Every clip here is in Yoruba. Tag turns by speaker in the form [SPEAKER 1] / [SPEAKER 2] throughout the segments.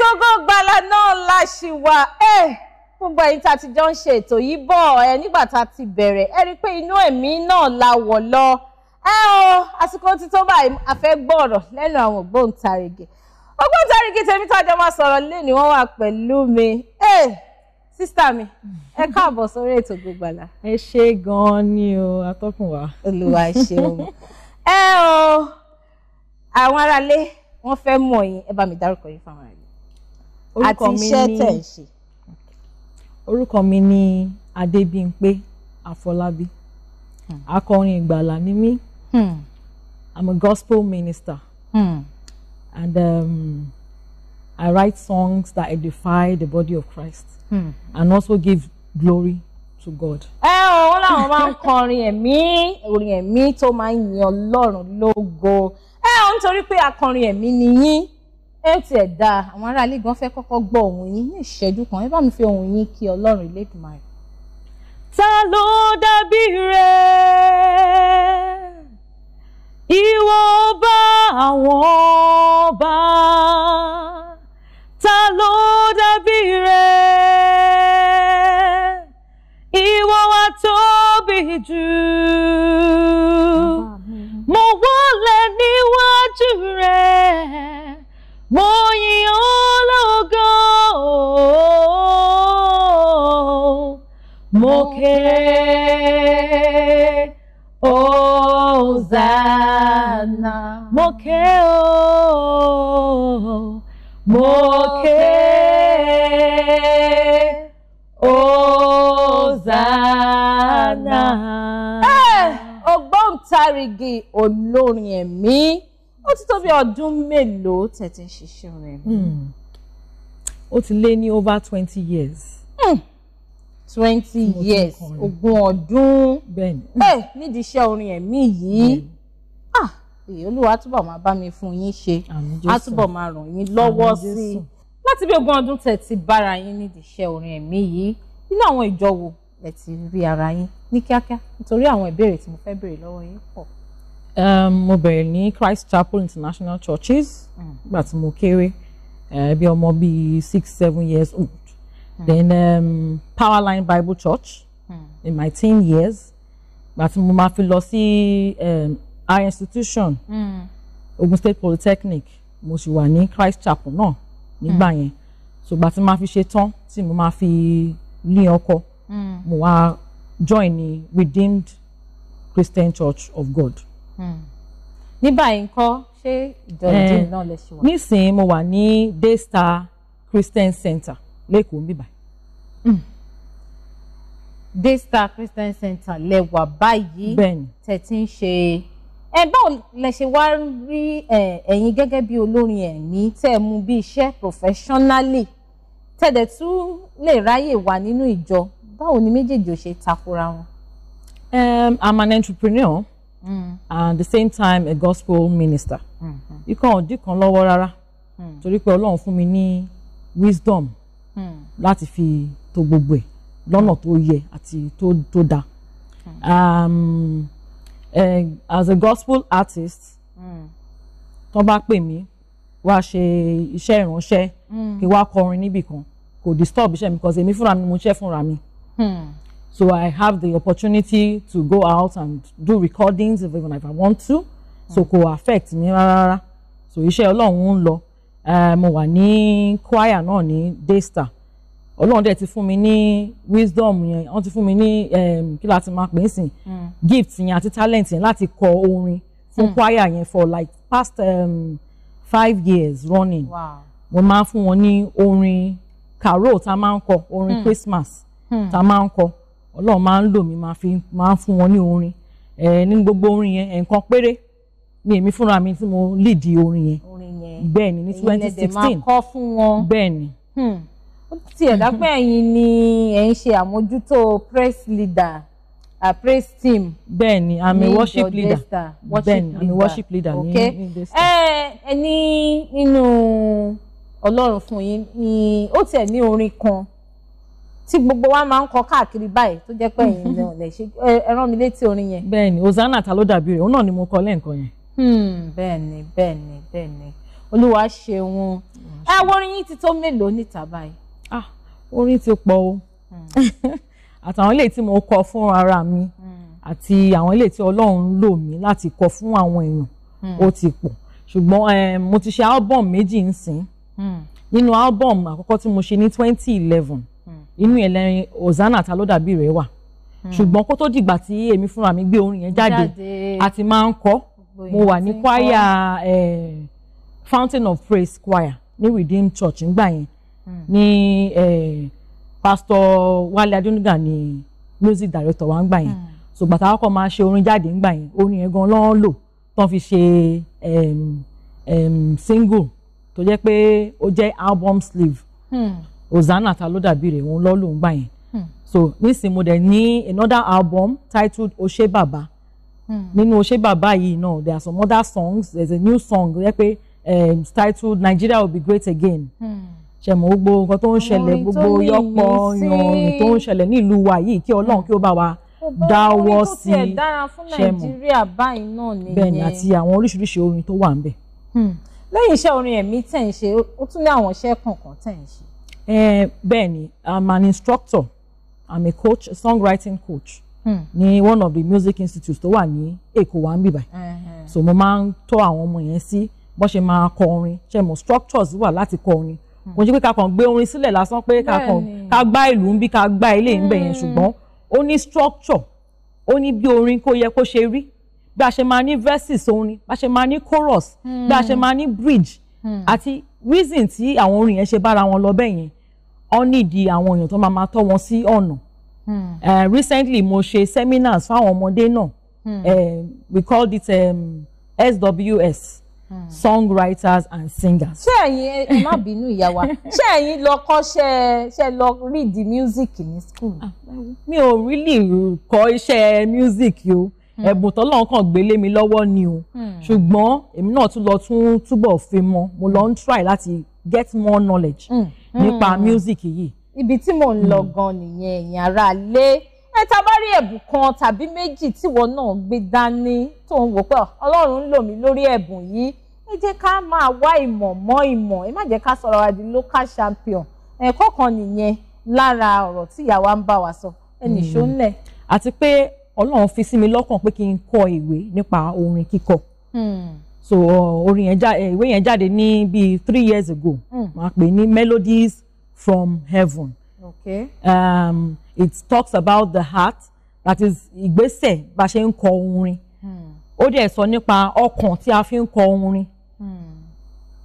[SPEAKER 1] ètò Ògo Ìgbàlà náà la ṣì wà ẹ eh, gbogbo ẹ̀yin tá a ti jọ ń ṣe ètò yìí bọ̀ ẹ eh, nígbà tá a ti bẹ̀rẹ̀ ẹ rí i pé inú ẹ̀mí náà la wọ̀ lọ ẹ eh, o àsìkò tí tó báyìí a fẹ́ gbọ́ ọ̀rọ̀ àwọn ògbóǹtarìgì ògbóǹtarìgì tèmi tá a jọ máa sọ̀rọ̀ lẹ́nu wọn wà pẹ̀lú mi ẹ sísítà mi ẹ káàbọ̀ sórí ètò Ògo ẹ ṣe gan-an ni o atọ́kùn wa. Olúwa ṣeun ẹ o àwọn aráalé wọn fẹ́ mọ̀ yín ẹ bá mi dárúkọ yín fáwọn àgbẹ̀ orúkọ mi ní àti iṣẹ́ tẹ̀ ń ṣe. orúkọ mi ní Adébímpé Afọlábí hmm. akọrin ìgbàlà ni mí hmm. I'm a gospel minister hmm. and um, I write songs that edify the body of Christ hmm. and also give glory to God. ẹ ọ wọn làwọn máa ń kọrin ẹ̀mí orin ẹ̀mí tó máa ń yin Ọlọ́run lógo ẹ ọ nítorí pé akọrin ẹ̀mí ni yín ẹ ti ẹ̀ dáa àwọn aráalé gan fẹ́ kọ́kọ́ gbọ́ ohùn yín ní ìṣẹ́jú kan ẹ bá mi fi ohùn yín kí ọlọ́run Elédùmarè. ta ló dàbí rẹ ìwọ ọba àwọn ọba ta ló dàbí rẹ ìwọ wa tóbi jù. nana. mokeo moke ozana. Hey, ké Hosanna. Eh, Ògbóǹtarìgì olórin ẹ̀mí, ó ti tó bí ọdún mélòó tẹ̀tí ń ṣiṣẹ́ rẹ̀. Hmm. ti lé ní over twenty years. Mm twenty years ogún Hey, ni eh, nídìí iṣẹ́ orin emi yi. ah olúwa túbọ̀ máa bá mi fún yín ṣe á túbọ̀ máa ràn yín lọ́wọ́ sí i láti bí ogún ọdún tẹ̀ ti bára yín nídìí iṣẹ́ orin ẹ̀mí yìí nínú àwọn ìjọ wo ti rí ara yín ní kíákíá nítorí àwọn ìbéèrè tí mo fẹ́ béèrè lọ́wọ́ yín pọ̀. mo bẹ̀rẹ̀ ní Christ Chapel International Churches hmm. nígbà tí mo kéré eh, bí ọmọ bíi six seven years old hmm. then Powerline Bible Church hmm. in my teen years gbà tí mo máa fi lọ sí our institution mm. State Polytechnic mo sì wà ní Christ Chapel náà nígbà hmm. yẹn ṣùgbọ́n tí mo máa fi ṣe tán tí mo máa fi ní ọkọ hmm. mo wá join ní Redeemed Christian Church of God. Hmm. ní báyìí ńkọ́ ṣé ìjọ eh, Redeemed náà lè ṣe wá. nísìnyí mo wà ní Daystar Christian Center lẹ́kọ̀ọ́ níbà. Daystar Christian Center lẹ wà báyìí tẹ̀ ń ṣe ẹ báwo lẹ ṣe wá rí ẹ̀yin gẹ́gẹ́ bí olórin ẹ̀mí tẹ́ mú bí iṣẹ́ professionally tẹ́dẹ̀ tún lè ráyè wà nínú ìjọ báwo ni méjèèjì ò ṣe takora wọn. Um, I'm an entrepreneur mm. and at the same time a gospel minister. Hmm. Ikán ò dín kan lọ́wọ́ rárá hmm. torí pé Ọlọ́run fún mi ní wisdom mm. láti fi to gbogbo ẹ̀ lọ́nà tó yẹ àti tó dáa. Hmm. Um, Eh, as a gospel artist hmm. tó bá pè mí wá ṣe iṣẹ́ ìránṣẹ́ hmm. kí wá kọrin níbì kan kò disturb iṣẹ́ mi because èmi fúnra mi mo ṣe fúnra mi. Hmm. So I have the opportunity to go out and do recordings if, even if I want to. So kò affect mi rárá. So iṣẹ́ Ọlọ́run ń lọ. Eh, mo wà ní choir náà ní Daystar ọlọ́run dẹ̀ ti fún mi ní wisdom yẹn wọ́n ti fún mi ní ehm, kí la ti máa pè é sìn hmm. gift yẹn àti talent yẹn láti kọ orin fún hmm. choir yẹn for like past um, five years running mo máa ń fún wọn ní orin carol tá máa ń kọ orin hmm. Christmas tá a máa ń kọ ọlọ́run máa ń lò mí máa ń fún wọn ní orin eh, nínú gbogbo orin yẹn nǹkan péré ni èmi fúnra mi tí mo lead orin yẹn bẹ́ẹ̀ ni ní twenty sixteen bẹ́ẹ̀ ni ó ti ẹ̀dá pé ẹ̀yin ni ẹ̀ ń ṣe àmójútó press leader a press team. bẹ́ẹ̀ni àmì worship leader bẹ́ẹ̀ni àmì worship leader ní ní desta. ẹ ní nínú ọlọ́run fún yín ni ó tiẹ̀ ní orin kan tí gbogbo wa máa ń kọ káàkiri báyìí tó jẹ́ pé ẹ̀yin náà lè ṣe ẹ rán mi létí orin yẹn. bẹ́ẹ̀ni Hosanna ta ló dàbí rẹ̀ òun náà ni mo kọ lẹ́ẹ̀kan yẹn. Hmm, bẹ́ẹ̀ni bẹ́ẹ̀ni bẹ́ẹ̀ni olúwa ṣeun ẹ wo orin yín ti tó mélòó níta báyìí ah orin ti pọ̀ o hmm. àtàwọn ilé tí mo kọ fún ara mi hmm. àti àwọn ilé tí Ọlọ́run lò mí láti kọ fún àwọn èèyàn hmm. ó ti pọ̀ ṣùgbọ́n eh, mo ti ṣe album méjì nsìn nínú album àkọ́kọ́ tí mo ṣe ní twenty eleven inú yẹn lẹ́yìn Hosanna ta ló dàbí rẹ̀ wà ṣùgbọ́n kó tó dìgbà tí èmi fúnra mi gbé orin yẹn jáde àti máa ń kọ
[SPEAKER 2] mo wà ní kwaya
[SPEAKER 1] eh, Fountain of Praise Choir ní Redeemed Church ńgbà yẹn Hmm. ní eh, pásítọ̀ Wálé Adénígà ni music director wa ń gbà hmm. so gbàtà àkọ́kọ́ máa ṣe orin jáde ń gbà yẹn orin yẹn gan lọ́n lò tán fi ṣe single tó jẹ́ pé ó jẹ́ album sleeve hmm. Hosanna ta ló dàbí rẹ̀ òun lọ́ lò ń gbà yẹn so nísìnyí mo dẹ̀ ní another album titled Oṣé Bàbá nínú Oṣé Baba. yìí náà there are some other songs there is a new song tó jẹ́ pé titled Nigeria will be great again. Hmm ṣẹmọ gbogbo nǹkan tó ń ṣẹlẹ̀ gbogbo yọpọ yànrìn tó ń ṣẹlẹ̀ nílùú wa yìí kí Ọlọ́run kí ó bá wa dáwọ́ sí i ṣẹmọ bẹ́ẹ̀ ni àti àwọn oríṣiríṣi orin tó wà ń bẹ. Hmm. lẹ́yìn iṣẹ́ orin ẹ̀mí tẹ̀ ń ṣe ó tún ní àwọn iṣẹ́ kọ̀ọ̀kan tẹ̀ ń ṣe. bẹ́ẹ̀ ni i'm an instructor i'm a coach a songwriting coach hmm. ní one of the music institutes tó wà ní Èkó wa ń bíbá so mo máa ń tọ́ àwọn ọmọ yẹn sí bó ṣe máa kọ orin ṣe structures wà láti kọ orin Hmm. kò jẹ́ pé ká kàn gbé orin sílẹ̀ lásán pé ká kàn ká gbá ìlú ń bí ká gbá ilé ń bẹ̀ yẹn hmm. ṣùgbọ́n ó ní structure ó ní bí orin kó yẹ kó ṣe rí bí a ṣe máa ní verses orin bí a ṣe máa ní chorus bí a hmm. ṣe máa ní bridge àti reason tí àwọn orin yẹn ṣe bára wọn lọ bẹ́ẹ̀ yẹn àwọn èèyàn tó máa máa tọ́ wọn sí ọ̀nà eh, recently mo ṣe seminars fáwọn ọmọdé náà eh, we called it um, SWS. Hmm. songwriters and singers. ṣé ẹ̀yin ẹ má bínú ìyá wa ṣé ẹ̀yin lọ kọ́ṣẹ́ ṣe lọ read the music in school. Ah, mi ò really kọ́ iṣẹ́ music o hmm. ẹ̀bùn tọ́lọ́run kàn gbélé mi lọ́wọ́ ni o hmm. ṣùgbọ́n èmi náà tún lọ tún túbọ̀ fi mọ̀ mo lọ ń try láti get more knowledge mm. nípa music yìí. ibi tí mò ń lọ gan nìyẹn ẹ̀yin aráalé ẹ ta bá rí ẹ̀bùn kan tàbí méjì tíwọ náà gbé dání tó ń wò pé ah, Ọlọ́run ń lò mí lórí ẹ̀bùn yìí ẹ jẹ́ ká máa wá ìmọ̀ mọ́ ìmọ̀ ẹ má jẹ́ ká sọ̀rọ̀ wa di local champion ẹ̀kọ́ kan nìyẹn lára ọ̀rọ̀ tí ìyá ń bá wa sọ ẹnì ṣó hmm. ń lẹ̀. àti pé ọlọ́run fi sí mi lọ́kàn pé kí n kọ ìwé nípa orin kíkọ hmm. so orin yẹn jáde ìwé yẹn jáde ní bíi three years ago máa hmm. pè ní melodies from heaven okay. um, it talks about the heart that is ìgbésẹ̀ bá ṣe ń kọ orin ó dẹ̀ sọ nípa ọkàn tí a fi ń kọ orin Hmm.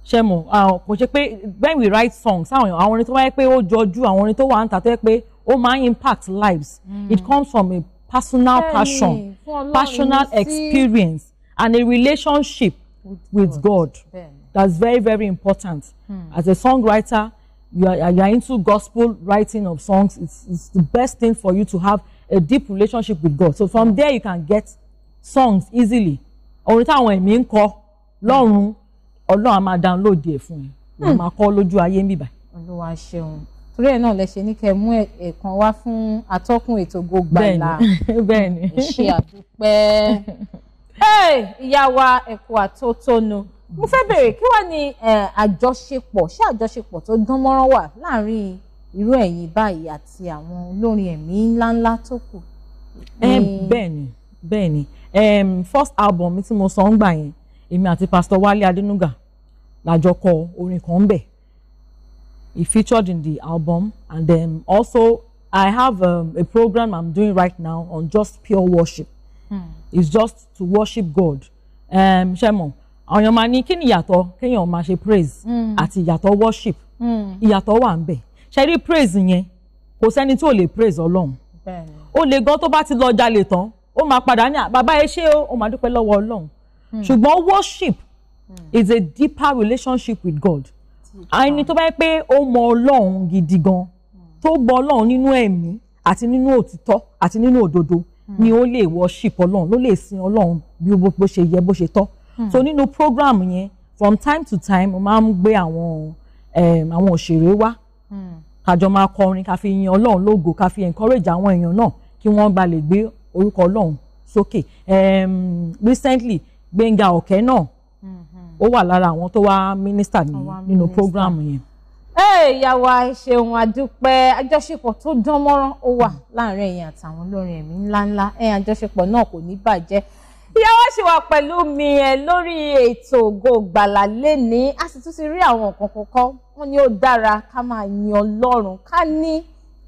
[SPEAKER 1] ṣe mọ̀ kò ṣe pé when we write songs àwọn àwọn orin tó wáyé pé ó jọjú àwọn orin tó wà ń ta tó yẹ pé ó máa ń impact lives mm. it comes from a personal hey, passion personal experience and a relationship with, with God, God. that's very very important hmm. as a songwriter you are, you are into gospel writing of songs it's, it's the best thing for you to have a deep relationship with God so from hmm. there you can get songs easily orin táwọn ẹ̀mí ń kọ lọ́run ọlọ́run á máa download ẹ̀ fún ẹ wọ́n hmm. máa kọ́ lójú ayé ń bìbà. olúwa ṣeun torí ẹ náà lẹ ṣe ní kẹ́ mú ẹ̀kan wá fún atọ́kùn ètò Ògo Ìgbàlà bẹ́ẹ̀ni ṣe àdúpẹ́ ìyá wa ẹ̀kọ́ àtótónu mo fẹ́ bèrè kí wàá ní àjọṣepọ̀ ṣé àjọṣepọ̀ tó dán mọ́rán wà láàárín irú ẹ̀yin báyìí àti àwọn olórin ẹ̀mí ńláńlá tó kù. bẹ́ẹ̀ni bẹ́ẹ̀ni first album mi tí mo sọ ń gbà yẹn èmi àti pastor Wálé Adénúgà lájọ kọ orin kan bẹ̀ He featured in the album and then also I have um, a program I'm doing right now on just pure worship mm. it's just to worship God um, ṣẹ́mọ̀ àwọn èèyàn máa ní kí ni ìyàtọ̀ kéèyàn máa ṣe praise hmm. àti mm. worship hmm. ìyàtọ̀ wà ń bẹ̀ ṣe rí praise yẹn kò sẹ́ni tí ò lè praise Ọlọ́run ó le gan tó bá ti lọ jalè tán ó máa padà ní bàbá ẹ ṣé o ó máa dúpẹ́ lọ́wọ́ Ọlọ́run Hmm. ṣùgbọ́n worship is a deeper relationship with God ẹni tó bá yẹ pé ó mọ ọlọ́run gidi gan hmm. tó gbọ́ ọlọ́run nínú ẹ̀mí àti nínú òtítọ́ àti nínú òdodo hmm. ni ó lè worship ọlọ́run ló lè sin ọlọ́run bí bó ṣe yẹ bó ṣe tọ́ so nínú program yẹn from time to time mo máa ń gbé àwọn àwọn òṣèré wá kájọ máa kọrin ká fi yin ọlọ́run lógo ká fi encourage àwọn èèyàn náà kí wọ́n bá lè gbé orúkọ ọlọ́run sókè recently Gbẹ̀ngà Ọ̀kẹ́ náà mm-hmm. ó wà lára àwọn tó wá mínísítà nínú program yẹn. ìyàwó ṣeun àdúpẹ́ àjọṣepọ̀ tó dán mọ́rán ó wà mm. láàárín ẹ̀yin àtàwọn olórin ẹ̀mí ńláńlá àjọṣepọ̀ náà kò ní bàjẹ́ ìyàwó ṣì wà pẹ̀lú mi ẹ̀ lórí ètò Ògo Ìgbàlà lẹ́ni a sì tún ti rí àwọn nǹkan kọ̀ọ̀kan wọ́n ní ó dára ká máa yin Ọlọ́run ká ní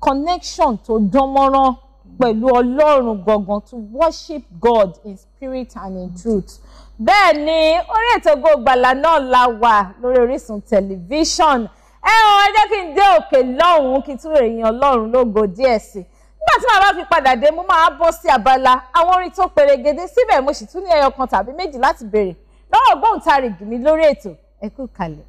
[SPEAKER 1] connection tó dán mọ́rán pẹ̀lú ọlọ́run gangan to worship God in spirit and in truth. bẹ́ẹ̀ ni orí ètò Ògo Ìgbàlà náà la wà lórí Orísun tẹlifíṣọ̀n ẹ ọ ẹ jẹ́ kí n dé òkè lọ́hùn-ún kí n tún èèyàn ọlọ́run lógo díẹ̀ sí nígbà tí màá bá fi padà dé mo máa bọ́ sí abala àwọn orin tó perégedé síbẹ̀ mo sì tún ní ẹyọ kan tàbí méjì láti béèrè lọ́wọ́ gbóǹtarìgì mi lórí ètò ẹ kú kalẹ̀.